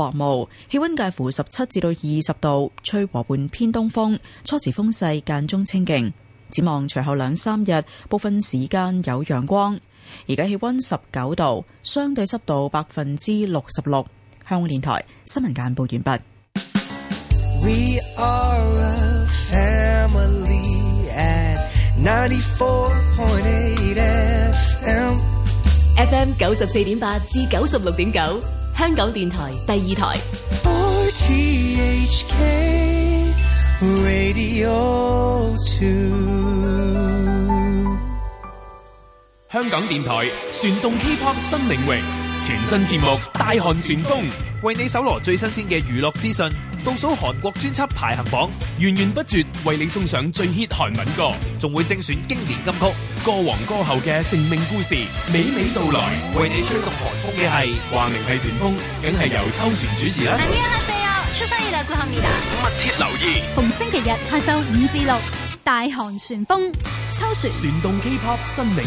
薄霧，氣溫介乎十七至到二十度，吹和緩偏東風，初時風勢，間中清勁。展望隨後兩三日，部分時間有陽光。而家氣溫十九度，相對濕度百分之六十六。香港電台新聞簡報完畢。We are a family at 94.8 FM 九十四點八至九十六點九。香港電台第二台，香港電台旋動 K-pop 新領域全新節目《大漢旋風》，為你搜羅最新鮮嘅娛樂資訊。倒數韓國專輯排行榜，源源不絕為你送上最 hit 韓文歌，仲會精選經典金曲，歌王歌后嘅成名故事娓娓道來。為你吹動韓風嘅係華明係旋風，梗係由秋旋主持啦。係咪啊，四號出發意大利旅行啦！密切留意，逢星期日下晝五至六，大韓旋風秋旋，旋動 K-pop 新領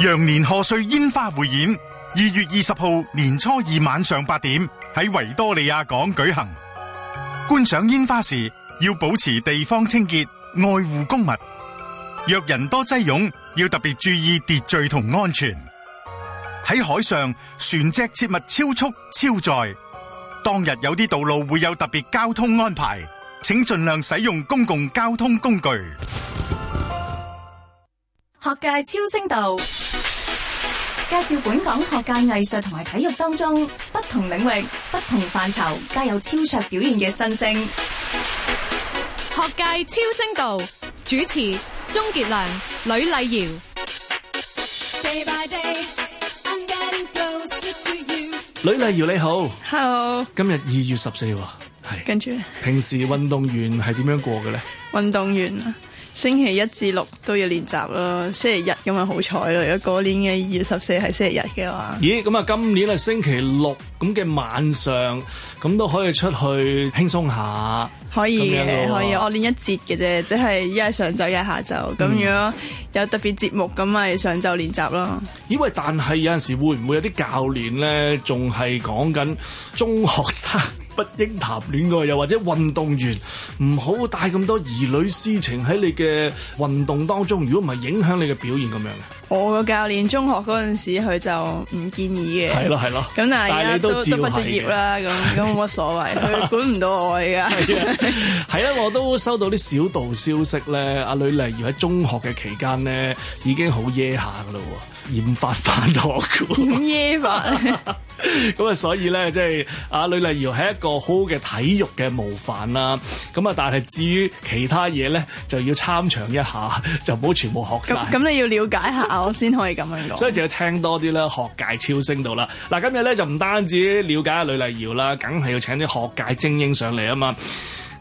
域，羊年賀歲煙花匯演。二月二十號，年初二晚上八點喺維多利亞港舉行。觀賞煙花時，要保持地方清潔，愛護公物。若人多擠擁，要特別注意秩序同安全。喺海上，船隻切勿超速超載。當日有啲道路會有特別交通安排，請盡量使用公共交通工具。學界超聲道。介紹本港學界、藝術同埋體育當中不同領域、不同範疇皆有超卓表現嘅新星。學界超星道，主持鍾傑良、呂麗瑤。Day by day, I'm getting close to you. 呂麗瑤你好，Hello。今日二月十四，係跟住平時運動員係點樣過嘅咧？運動員。星期一至六都要練習咯，星期日咁咪好彩咯。如果嗰年嘅二月十四係星期日嘅話，咦咁啊，今年係星期六咁嘅晚上，咁都可以出去輕鬆下，可以嘅，可以。我練一節嘅啫，即係一係上晝，一係下晝。咁如果有特別節目，咁咪上晝練習咯。咦喂，但係有陣時會唔會有啲教練咧，仲係講緊中學生？不應談戀愛，又或者運動員唔好帶咁多兒女私情喺你嘅運動當中，如果唔係影響你嘅表現咁樣。我個教練中學嗰陣時，佢就唔建議嘅。係咯，係咯。咁啊，但係你都都畢咗業啦，咁咁冇乜所謂，佢的管唔到我㗎。係啊，係啊，我都收到啲小道消息咧，阿呂麗瑤喺中學嘅期間咧已經好耶下噶啦，染髮返學，咁耶髮。 咁啊， 所以咧，即係啊，呂麗瑤係一個好好嘅體育嘅模範啦。咁啊 made，但係至於其他嘢咧，就要參詳一下，就唔好全部學晒。咁你要了解下我先可以咁樣講。所以就要聽多啲啦，學界超新星度啦。嗱，今日咧就唔單止了解下呂麗瑤啦，梗係要請啲學界精英上嚟啊嘛。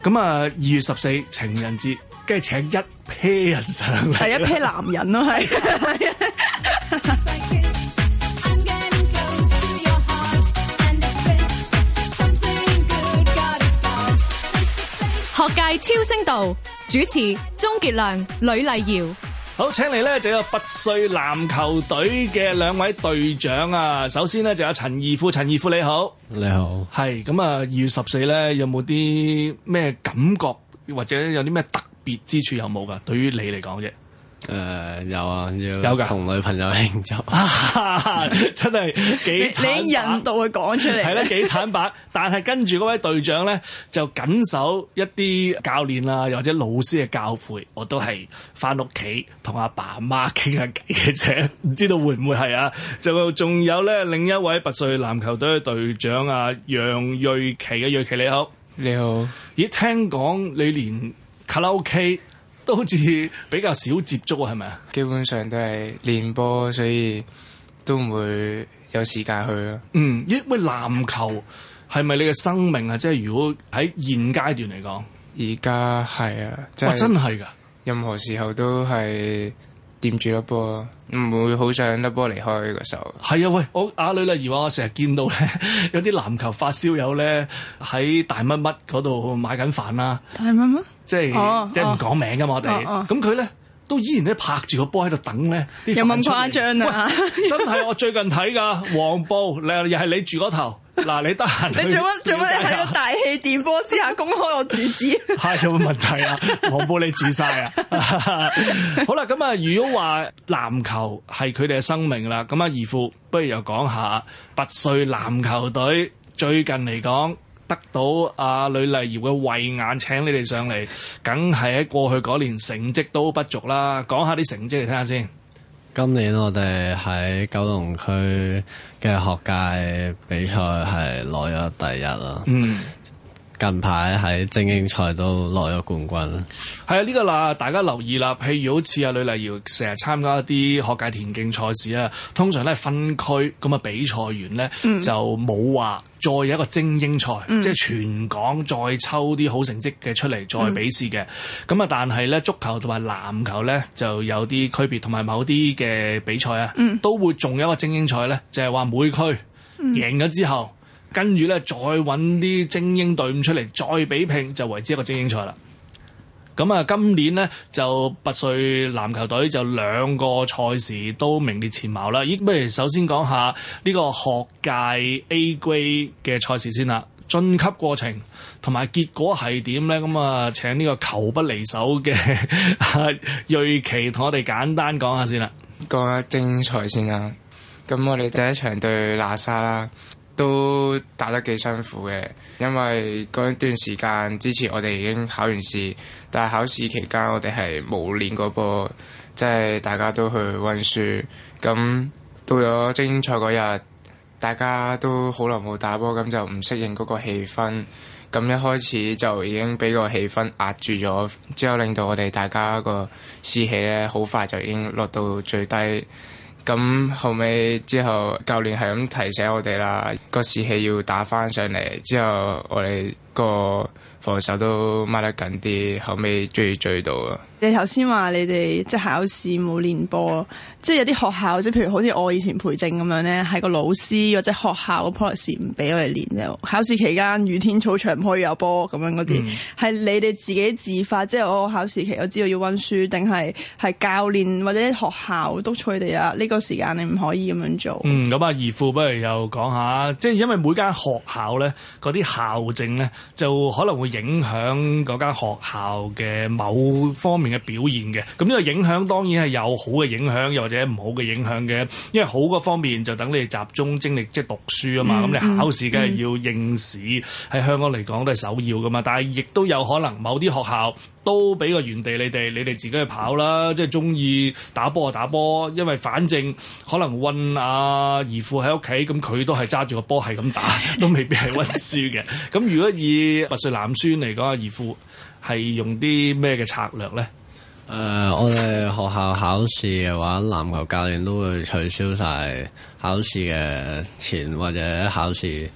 咁啊，二月十四情人節，跟住請一批人上嚟。係一批男人咯，係。係超聲道主持鍾傑良、呂麗瑤，好，請嚟咧就有拔萃籃球隊嘅兩位隊長啊。首先呢，就有陳怡富。陳怡富你好，你好，係咁啊！二月十四咧有冇啲咩感覺？或者有啲咩特別之處有冇噶？對於你嚟講啫。誒、呃，有啊，有同女朋友慶祝的， 真係幾 你引導佢講出嚟，係咯，幾坦白。但係跟住嗰位隊長咧，就緊守一啲教練啊，又或者老師嘅教誨，我都係翻屋企同阿爸阿媽傾下偈嘅啫。唔知道會唔會係啊？就仲有咧，另一位拔萃籃球隊嘅隊長啊，楊睿騏。嘅、啊，睿騏，你好，你好。咦，聽講你連卡拉 O、OK、K？都好似比較少接觸啊，係咪啊？基本上都係練波，所以都唔會有時間去咯。嗯，咦？喂，籃球係咪你嘅生命啊？即係如果喺現階段嚟講，而家係啊，哇，真係噶，任何時候都係。掂住粒波，唔會好想粒波離開個手。係 啊，喂，我阿女咧而話我成日見到咧 有啲籃球發燒友咧喺大乜乜嗰度買緊飯啦。大乜乜，即係即係唔講名噶嘛，哦、我哋們。咁佢咧都依然咧拍住個波喺度等咧。嗯，等有冇誇張啊？真係我最近睇噶黃埔，又係 你住嗰頭。嗱，你得閒。你做乜做乜？你喺個大氣電波之下公開我住址？係 有冇問題啊？我幫你煮晒啊！ 好啦，咁啊，如果話籃球係佢哋嘅生命啦，咁啊，姨父不如又講下拔萃籃球隊最近嚟講得到阿呂麗瑤嘅慧眼，請你哋上嚟，梗係喺過去嗰年成績都不俗啦。講下啲成績嚟聽下先。今年我哋喺九龍區嘅學界比賽係攞咗第一啦。嗯。近排喺精英賽都攞咗冠軍。係啊，呢、這個嗱，大家留意啦，譬如好似阿呂麗瑤，成日參加一啲學界田徑賽事啊，通常咧分區咁啊比賽完咧就冇話再有一個精英賽，即係、嗯、全港再抽啲好成績嘅出嚟再比試嘅。咁、嗯、啊，但係咧足球同埋籃球咧就有啲區別，同埋某啲嘅比賽啊，都會仲有一個精英賽咧，就係、是、話每區贏咗之後。嗯跟住咧，再揾啲精英隊伍出嚟，再比拼就為之一個精英賽啦。咁啊，今年呢，就拔萃籃球隊就兩個賽事都名列前茅啦。依、啊、不如首先講下呢個學界 A 級嘅賽事先啦、啊，晉級過程同埋結果係點呢？咁啊，請呢個球不離手嘅、啊、睿騏同我哋簡單講下先啦、啊。講下精英賽先啊！咁我哋第一場對喇沙啦。都打得幾辛苦嘅，因為嗰一段時間之前我哋已經考完試，但係考試期間我哋係冇練嗰波，即係大家都去溫書，咁到咗精英賽嗰日，大家都好耐冇打波，咁就唔適應嗰個氣氛。咁一開始就已經俾個氣氛壓住咗，之後令到我哋大家個士氣咧，好快就已經落到最低。咁後尾之後，教練係咁提醒我哋啦，個士氣要打翻上嚟。之後我哋。個防守都抹得緊啲，後尾追追到啊！你頭先話你哋即係考試冇練波，即係有啲學校，即係譬如好似我以前培正咁樣咧，係個老師或者學校嘅 policy 唔俾我哋練就，考試期間雨天草場唔可以有波咁樣嗰啲，係、嗯、你哋自己自發，即係我考試期我知道要溫書，定係係教練或者學校督促你啊？呢、這個時間你唔可以咁樣做。嗯，咁啊，怡富不如又講下，即係因為每間學校咧，嗰啲校政咧。就可能會影響嗰間學校嘅某方面嘅表現嘅，咁呢個影響當然係有好嘅影響，又或者唔好嘅影響嘅。因為好嘅方面就等你集中精力即係、就是、讀書啊嘛，咁、嗯、你考試梗係要應試喺、嗯、香港嚟講都係首要㗎嘛，但係亦都有可能某啲學校，都俾個原地你哋，你哋自己去跑啦。即係中意打波就打波，因為反正可能温阿姨父喺屋企，咁佢都係揸住個波係咁打，都未必係温書嘅。咁 如果以拔萃男孫嚟講，阿姨父係用啲咩嘅策略咧？誒、呃，我哋學校考試嘅話，籃球教練都會取消晒考試嘅前或者考試。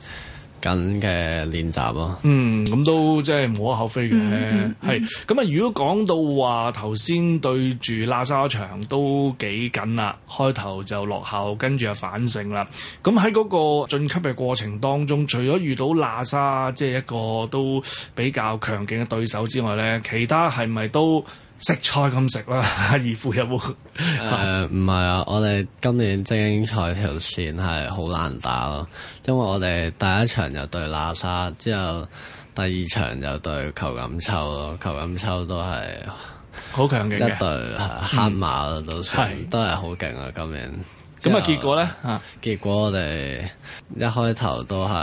緊嘅練習咯，嗯，咁都即係無可厚非嘅，係。 咁啊，如果講到話頭先對住喇沙場都幾緊啦，開頭就落後，跟住就反勝啦。咁喺嗰個晉級嘅過程當中，除咗遇到喇沙即係、就是、一個都比較強勁嘅對手之外咧，其他係咪都？食菜咁食啦，二富有冇？誒唔係啊，我哋今年精英賽條線係好難打咯，因為我哋第一場就對喇沙，之後第二場就對裘錦秋咯，裘錦秋都係好強勁嘅一隊黑馬，都算是都係好勁啊，今年。咁啊，結果咧嚇，結果我哋一開頭都係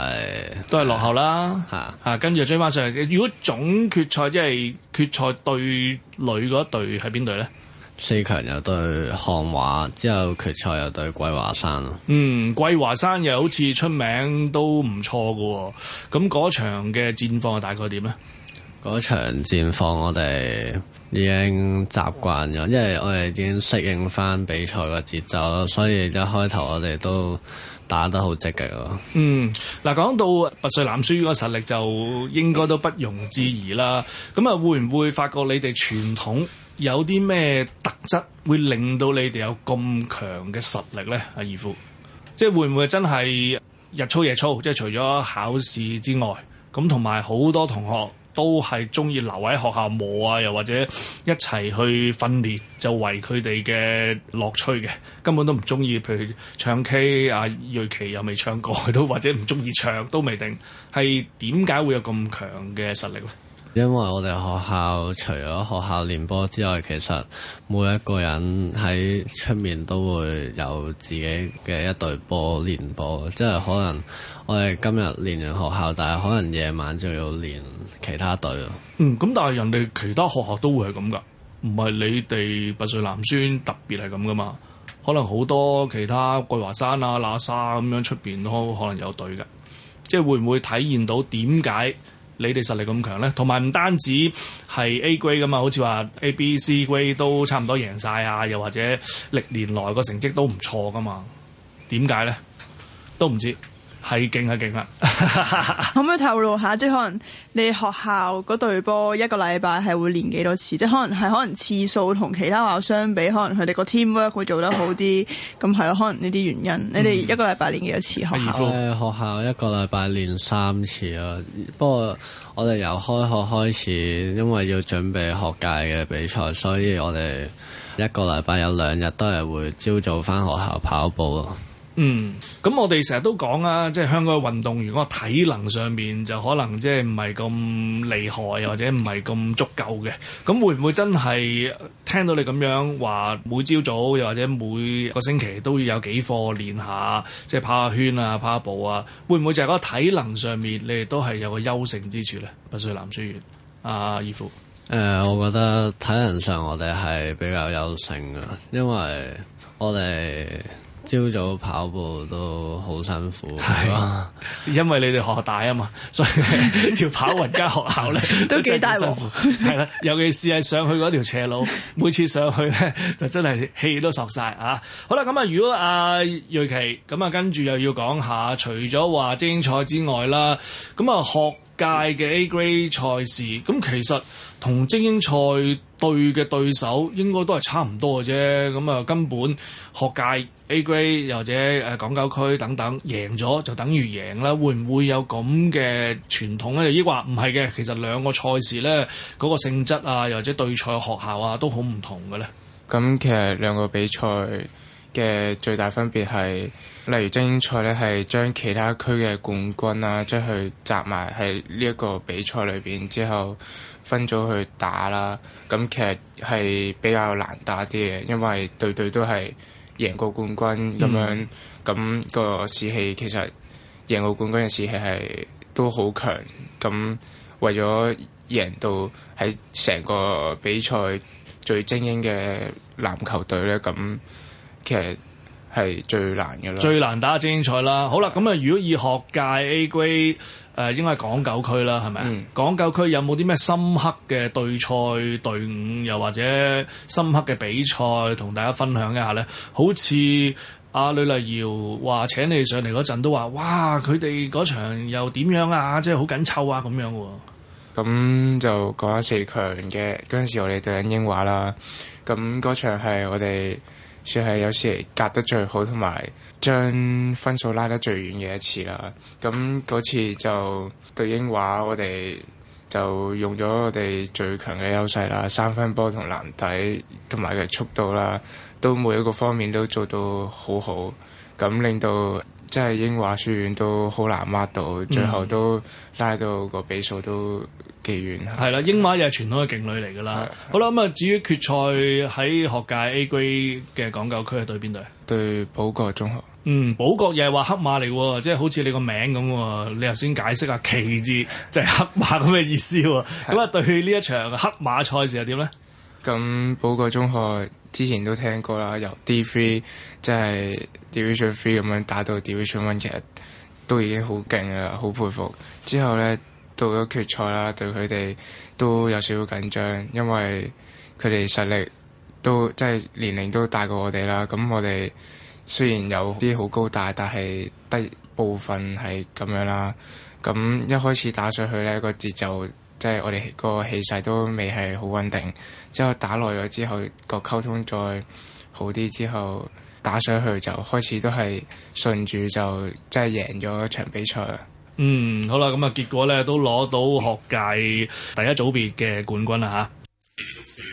都係落後啦嚇嚇，是啊、跟住追翻上嚟。如果總決賽即係、就是、決賽對女嗰一隊係邊隊咧？四強又對漢華，之後決賽又對桂華山咯。嗯，桂華山又好似出名都唔錯嘅喎、哦。咁嗰場嘅戰況係大概點咧？嗰場戰況我哋。已經習慣咗，因為我哋已經適應翻比賽個節奏，所以一開頭我哋都打得好積極。嗯，嗱，講到拔萃男書院個實力就應該都不容置疑啦。咁啊，會唔會發覺你哋傳統有啲咩特質會令到你哋有咁強嘅實力咧？阿義父，即係會唔會真係日操夜操？即係除咗考試之外，咁同埋好多同學。都係中意留喺學校舞啊，又或者一齊去訓練，就為佢哋嘅樂趣嘅根本都唔中意。譬如唱 K，啊，睿騏又未唱過，都或者唔中意唱都未定。係點解會有咁強嘅實力咧？因為我哋學校除咗學校練波之外，其實每一個人喺出面都會有自己嘅一隊波練波，即係可能我哋今日練完學校，但係可能夜晚就要練其他隊咯。嗯，咁但係人哋其他學校都會係咁噶，唔係你哋拔萃男書院特別係咁噶嘛？可能好多其他桂華山啊、喇沙咁樣出邊都可能有隊嘅，即係會唔會體現到點解？你哋實力咁強咧，同埋唔單止係 A grade 噶嘛，好似話 A、B、C grade 都差唔多贏晒啊，又或者歷年來個成績都唔錯噶嘛，點解咧？都唔知。係勁係勁啦！ 可唔可以透露下，即係可能你學校嗰隊波一個禮拜係會練幾多次？即係可能係可能次數同其他學校相比，可能佢哋個 teamwork 會做得好啲。咁係咯， 可能呢啲原因。你哋一個禮拜練幾多次？嗯、學校？誒、嗯，學校一個禮拜練三次啊。不過我哋由開學開始，因為要準備學界嘅比賽，所以我哋一個禮拜有兩日都係會朝早翻學校跑步咯。嗯，咁我哋成日都講啊，即係香港嘅運動員，嗰個體能上面就可能即係唔係咁厲害，又或者唔係咁足夠嘅。咁會唔會真係聽到你咁樣話？每朝早又或者每個星期都要有幾課練下，即係跑下圈啊，跑下步啊，會唔會就係嗰個體能上面你哋都係有個優勝之處咧？拔萃男書院，阿怡富。呃，我覺得體能上我哋係比較優勝嘅，因為我哋。朝早跑步都好辛苦，係啊吧，因為你哋學校大啊嘛， 所以要 跑勻間學校咧 都幾大辛苦。係啦，尤其是係上去嗰條斜路， 每次上去咧就真係氣都索晒啊。好啦，咁啊，如果阿睿騏，咁啊，跟住又要講下，除咗話精英賽之外啦，咁啊學界嘅 A Grade 賽事，咁其實同精英賽對嘅對手應該都係差唔多嘅啫。咁啊，根本學界。A Grade 或者誒港九區等等贏咗就等於贏啦。會唔會有咁嘅傳統咧？亦話唔係嘅，其實兩個賽事呢，嗰個性質啊，又或者對賽學校啊，都好唔同嘅呢。咁其實兩個比賽嘅最大分別係，例如精英賽呢係將其他區嘅冠軍啊，將佢集埋喺呢一個比賽裏邊之後分組去打啦。咁其實係比較難打啲嘅，因為隊隊都係。贏過冠軍咁、嗯、樣，咁、咁個士氣其實贏過冠軍嘅士氣係都好強。咁為咗贏到喺成個比賽最精英嘅籃球隊咧，咁其實係最難嘅啦。最難打精英賽啦。 好啦，咁啊，如果以學界 A Grade。誒、呃、應該係港九區啦，係咪？嗯、港九區有冇啲咩深刻嘅對賽隊伍，又或者深刻嘅比賽，同大家分享一下咧？好似阿呂麗瑤話請你上嚟嗰陣都話，哇！佢哋嗰場又點樣啊？即係好緊湊啊，咁樣喎、哦。咁、嗯、就講咗四強嘅嗰陣時，我哋對緊英華啦。咁嗰場係我哋。算係有時隔得最好同埋將分數拉得最遠嘅一次啦。咁嗰次就對英華，我哋就用咗我哋最強嘅優勢啦，三分波同籃底同埋佢嘅速度啦，都每一個方面都做到好好。咁令到即係英華書院都好難 mark 到，嗯、最後都拉到個比數都。係啦，的英馬又係傳統嘅勁旅嚟噶啦。的好啦，咁啊，至於決賽喺學界 A Grade 嘅港九區係對邊隊？對保國中學。嗯，保國又係話黑馬嚟，即、就、係、是、好似你個名咁。你頭先解釋下旗“騏”字即係黑馬咁嘅意思。咁啊的，對呢一場黑馬賽事係點咧？咁保國中學之前都聽過啦，由 D Three 即係 Division Three 咁樣打到 Division One 其實都已經好勁噶啦，好佩服。之後咧。到咗決賽啦，對佢哋都有少少緊張，因為佢哋實力都即係年齡都大過我哋啦。咁我哋雖然有啲好高大，但係得部分係咁樣啦。咁一開始打上去咧，個節奏即係我哋個氣勢都未係好穩定。之後打耐咗之後個溝通再好啲之後打上去就開始都係順住就即係贏咗一場比賽。嗯，好啦，咁啊，結果咧都攞到學界第一組別嘅冠軍啦吓。啊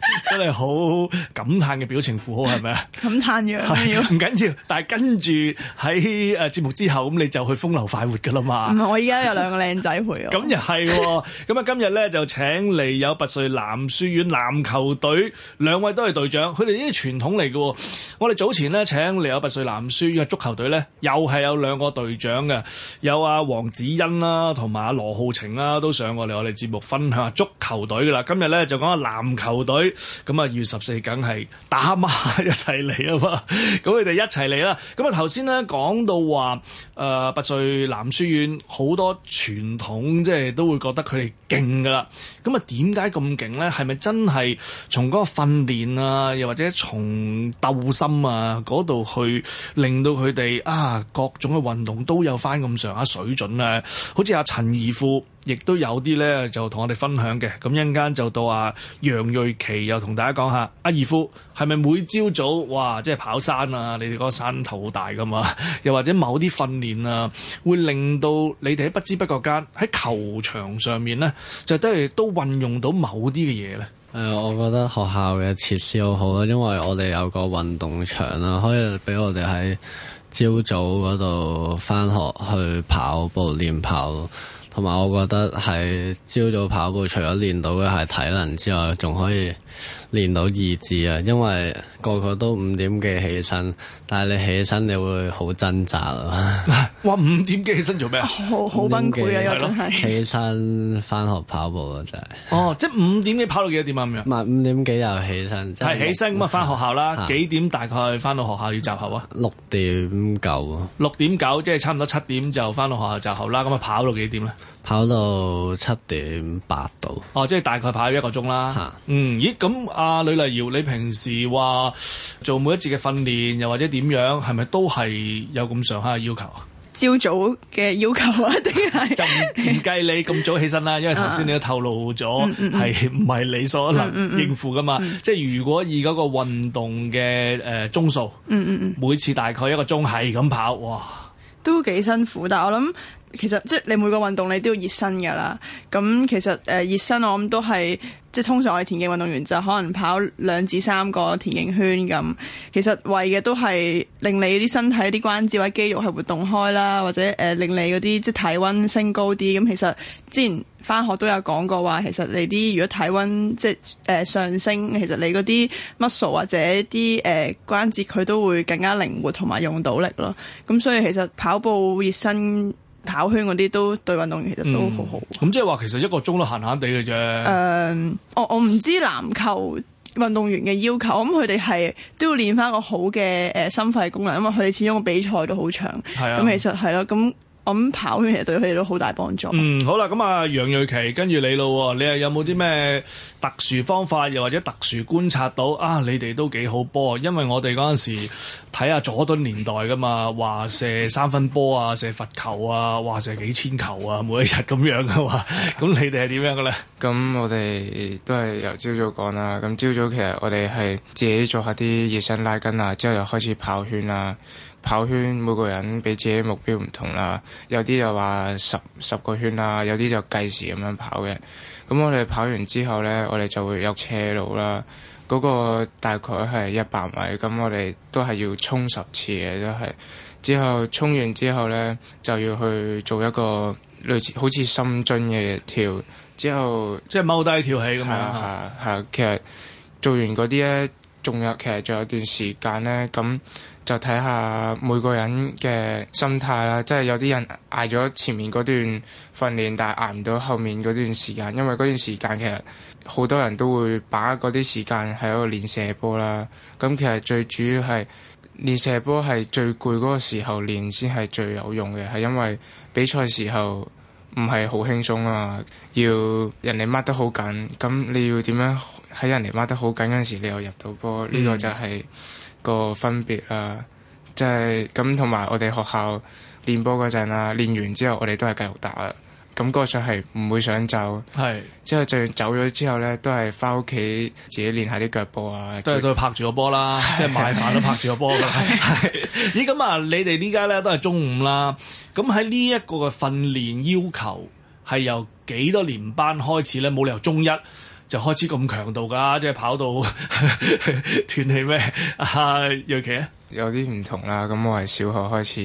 你好感嘆嘅表情符號係咪啊？感嘆樣唔緊要，但係跟住喺誒節目之後，咁你就去風流快活噶啦嘛。唔係，我依家有兩個靚仔陪我。咁又係，咁啊今日咧就請嚟有拔萃男書院籃球隊兩位都係隊長，佢哋呢啲傳統嚟嘅。我哋早前咧請嚟有拔萃男書院足球隊咧，又係有兩個隊長嘅，有阿黃子欣啦，同埋阿羅浩晴啦，都上過嚟我哋節目分享足球隊噶啦。今日咧就講下籃球隊。咁啊，二月十四梗係打孖一齊嚟啊嘛！咁佢哋一齊嚟啦。咁啊，頭先咧講到話，誒拔萃男書院好多傳統，即係都會覺得佢哋勁噶啦。咁啊，點解咁勁咧？係咪真係從嗰個訓練啊，又或者從鬥心啊嗰度去令到佢哋啊各種嘅運動都有翻咁上下水準啊？好似阿陳怡富。亦都有啲咧，就同我哋分享嘅。咁一陣間就到阿、啊、楊睿騏又同大家講下，阿爾夫係咪每朝早哇，即係跑山啊？你哋嗰個山頭大噶嘛？又或者某啲訓練啊，會令到你哋喺不知不覺間喺球場上面咧，就得嚟都運用到某啲嘅嘢咧。誒、呃，我覺得學校嘅設施好好啦，因為我哋有個運動場啦，可以俾我哋喺朝早嗰度返學去跑步練跑。同埋，我覺得係朝早跑步，除咗練到嘅係體能之外，仲可以，練到意志啊，因為個個都五點幾起身，但係你起身你會掙 好掙扎啊！哇，五點幾起身做咩？好好崩潰啊，又真係。起身翻學跑步啊，真係。哦，即係五點你跑到幾多點啊？咁樣。唔係五點幾又起身，係起身咁啊，翻、嗯、學校啦。是幾點大概翻到學校要集合啊？六點九啊。六點九，即係差唔多七點就翻到學校集合啦。咁啊，跑到幾多點咧？跑到七點八度哦，即係大概跑一個鐘啦。嗯，咦，咁阿呂麗瑤，你平時話做每一次嘅訓練，又或者點樣，係咪都係有咁上下嘅要求啊？朝早嘅要求啊，定係就唔計你咁早起身啦， 因為頭先你都透露咗係唔係理所能應付噶嘛。即係、嗯嗯、如果以嗰個運動嘅誒鐘數，嗯嗯，嗯每次大概一個鐘係咁跑，哇，都幾辛苦。但係我諗。其實即係你每個運動你都要熱身噶啦，咁、嗯、其實誒熱、呃、身我諗都係即係通常我哋田徑運動員就可能跑兩至三個田徑圈，咁，其實為嘅都係令你啲身體啲關節或者肌肉係活動開啦，或者誒、呃、令你嗰啲即係體溫升高啲。咁、嗯、其實之前翻學都有講過話，其實你啲如果體溫即係誒、呃、上升，其實你嗰啲 muscle 或者啲誒、呃、關節佢都會更加靈活同埋用到力咯。咁、嗯、所以其實跑步熱身。跑圈嗰啲都對運動員其實都好好。咁、嗯、即係話其實一個鐘都閒閒地嘅啫。誒、呃，我我唔知籃球運動員嘅要求，咁佢哋係都要練翻個好嘅誒、呃、心肺功能，因為佢哋始終個比賽都好長。係啊，咁其實係咯，咁、啊。咁跑圈其實對佢哋都好大幫助。嗯，好啦，咁啊楊睿騏跟住你咯，你又有冇啲咩特殊方法，又或者特殊觀察到啊？你哋都幾好波，因為我哋嗰陣時睇下佐敦年代噶嘛，話射三分波啊，射罰球啊，話射幾千球啊，每一日咁樣嘅話。咁 你哋係點樣嘅咧？咁我哋都係由朝早講啦。咁朝早其實我哋係自己做下啲熱身拉筋啊，之後又開始跑圈啊。跑圈每個人俾自己目標唔同啦，有啲就話十十個圈啦，有啲就計時咁樣跑嘅。咁我哋跑完之後呢，我哋就會有斜路啦。嗰個大概係一百米，咁我哋都係要衝十次嘅，都係。之後衝完之後呢，就要去做一個類似好似深蹲嘅跳。之後即係踎低跳起咁樣。係啊係啊，係啊。其實做完嗰啲呢，仲有其實仲有段時間呢。咁。就睇下每個人嘅心態啦，即係有啲人捱咗前面嗰段訓練，但係捱唔到後面嗰段時間，因為嗰段時間其實好多人都會把握嗰啲時間喺度練射波啦。咁其實最主要係練射波係最攰嗰個時候練先係最有用嘅，係因為比賽時候唔係好輕鬆啊嘛，要人哋掹得好緊，咁你要點樣喺人哋掹得好緊嗰陣時你又入到波？呢個就係。嗯。係。個分別啊，即係咁，同埋我哋學校練波嗰陣啊，練完之後我哋都係繼續打啊，咁嗰上係唔會想走，係是，之後就走咗之後咧，都係翻屋企自己練下啲腳步啊，最多對練拍住個波啦，是即係買飯都拍住個波噶啦。咦，咁啊，你哋呢家咧都係中五啦，咁喺呢一個嘅訓練要求係由幾多年班開始咧？冇理由中一。就開始咁強度㗎，即係跑到 斷氣咩？啊，睿騏呢？有啲唔同啦。咁我係小學開始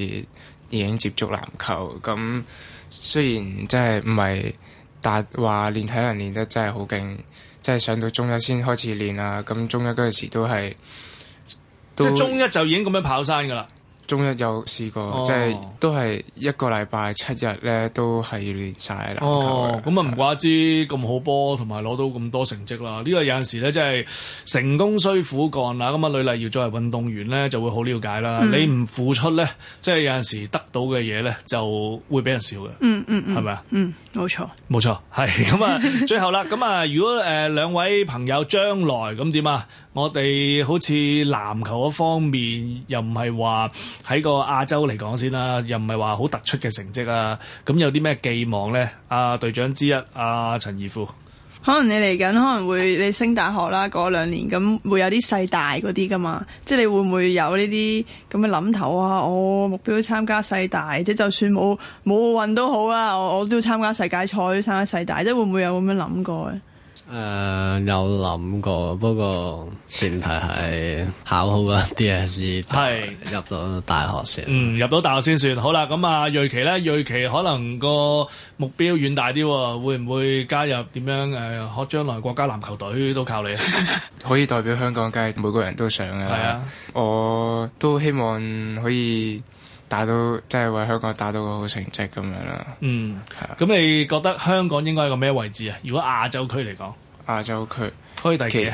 已經接觸籃球，咁雖然即係唔係，但話練體能練得真係好勁，即係上到中一先開始練啦。咁中一嗰陣時都係都中一就已經咁樣跑山㗎啦。中一有試過，哦、即係都係一個禮拜七日咧，都係練曬籃球哦，咁啊唔怪之咁好波，同埋攞到咁多成績啦。呢、這個有陣時咧，即係成功需苦幹啦。咁啊，呂麗瑤作為運動員咧，就會好了解啦。嗯、你唔付出咧，即係有陣時得到嘅嘢咧，就會比人少嘅。嗯嗯，係咪啊？嗯。嗯吧冇錯，冇錯，係咁啊！最後啦，咁、嗯、啊，如果誒兩、呃、位朋友將來咁點啊？我哋好似籃球嘅方面，又唔係話喺個亞洲嚟講先啦，又唔係話好突出嘅成績啊！咁有啲咩寄望咧？啊，隊長之一，啊，陳怡富。可能你嚟緊可能會你升大學啦，嗰、那個、兩年咁會有啲世大嗰啲噶嘛，即係你會唔會有呢啲咁嘅諗頭啊？我、哦、目標參加世大，即就算冇冇奧運都好啊，我，我都要參加世界賽，參加世大，即係會唔會有咁樣諗過、啊誒、呃，有諗過，不過前提係考好啦，DSE 是入到大學先。嗯，入到大學先算。好啦，咁啊，睿騏咧，睿騏可能個目標遠大啲、哦，會唔會加入點樣誒？可、呃、將來國家籃球隊都靠你？ 可以代表香港，梗係每個人都想啦。係啊，啊我都希望可以。打到即係為香港打到個好成績咁樣啦。嗯，係啊。咁你覺得香港應該係個咩位置啊？如果亞洲區嚟講，亞洲區可以第幾亞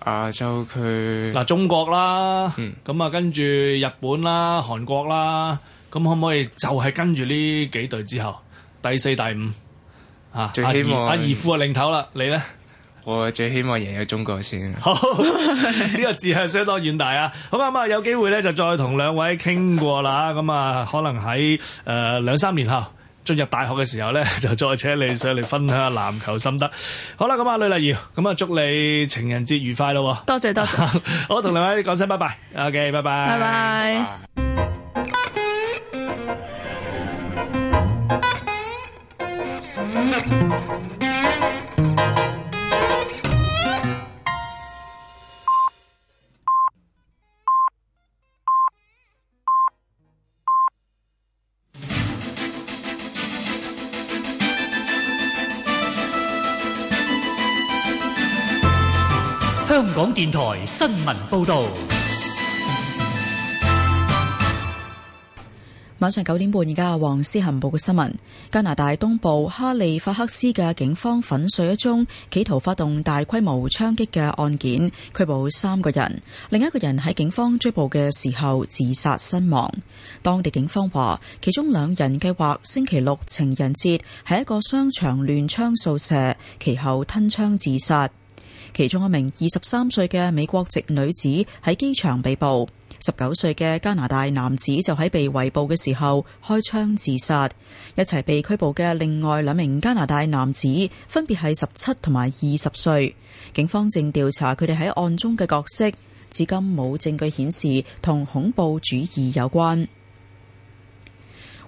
啊？亞洲區嗱，中國啦，咁啊、嗯、跟住日本啦、韓國啦，咁可唔可以就係跟住呢幾隊之後第四、第五啊，最希望阿？阿怡阿怡富係領頭啦，你咧？我最希望贏喺中國先。好，呢個志向相當遠大啊！好啊，咁啊，有機會咧就再同兩位傾過啦。咁啊，可能喺誒兩三年後進入大學嘅時候咧，就再請你上嚟，分享下籃球心得。好啦，咁、呃、啊，呂麗瑤，咁、呃、啊，祝你情人節愉快咯、啊！多謝多謝 好，我同兩位講聲拜拜。OK，bye bye 拜拜。拜拜。拜拜。嗯嗯電台新聞報道，晚上九點半，而家黃思恒報嘅新聞：加拿大東部哈利法克斯嘅警方粉碎一宗企圖發動大規模槍擊嘅案件，拘捕三個人，另一個人喺警方追捕嘅時候自殺身亡。當地警方話，其中兩人計劃星期六情人節喺一個商場亂槍掃射，其後吞槍自殺。其中一名二十三歲嘅美國籍女子喺機場被捕，十九歲嘅加拿大男子就喺被圍捕嘅時候開槍自殺。一齊被拘捕嘅另外兩名加拿大男子分別係十七同埋二十歲。警方正調查佢哋喺案中嘅角色，至今冇證據顯示同恐怖主義有關。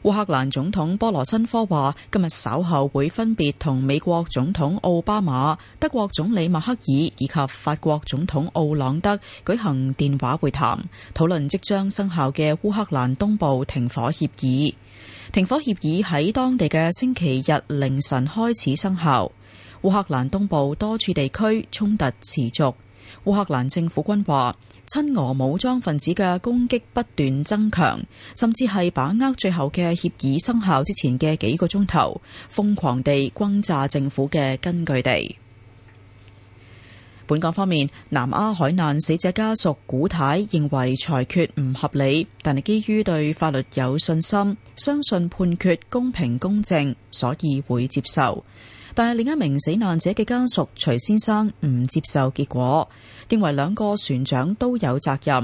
烏克蘭總統波羅申科話：今日稍後會分別同美國總統奧巴馬、德國總理默克爾以及法國總統奧朗德舉行電話會談，討論即將生效嘅烏克蘭東部停火協議。停火協議喺當地嘅星期日凌晨開始生效。烏克蘭東部多處地區衝突持續。烏克蘭政府軍話，親俄武裝分子嘅攻擊不斷增強，甚至係把握最後嘅協議生效之前嘅幾個鐘頭，瘋狂地轟炸政府嘅根據地。本港方面，南丫海難死者家屬古太太認為裁決唔合理，但係基於對法律有信心，相信判決公平公正，所以會接受。但係另一名死難者嘅家屬徐先生唔接受結果，認為兩個船長都有責任。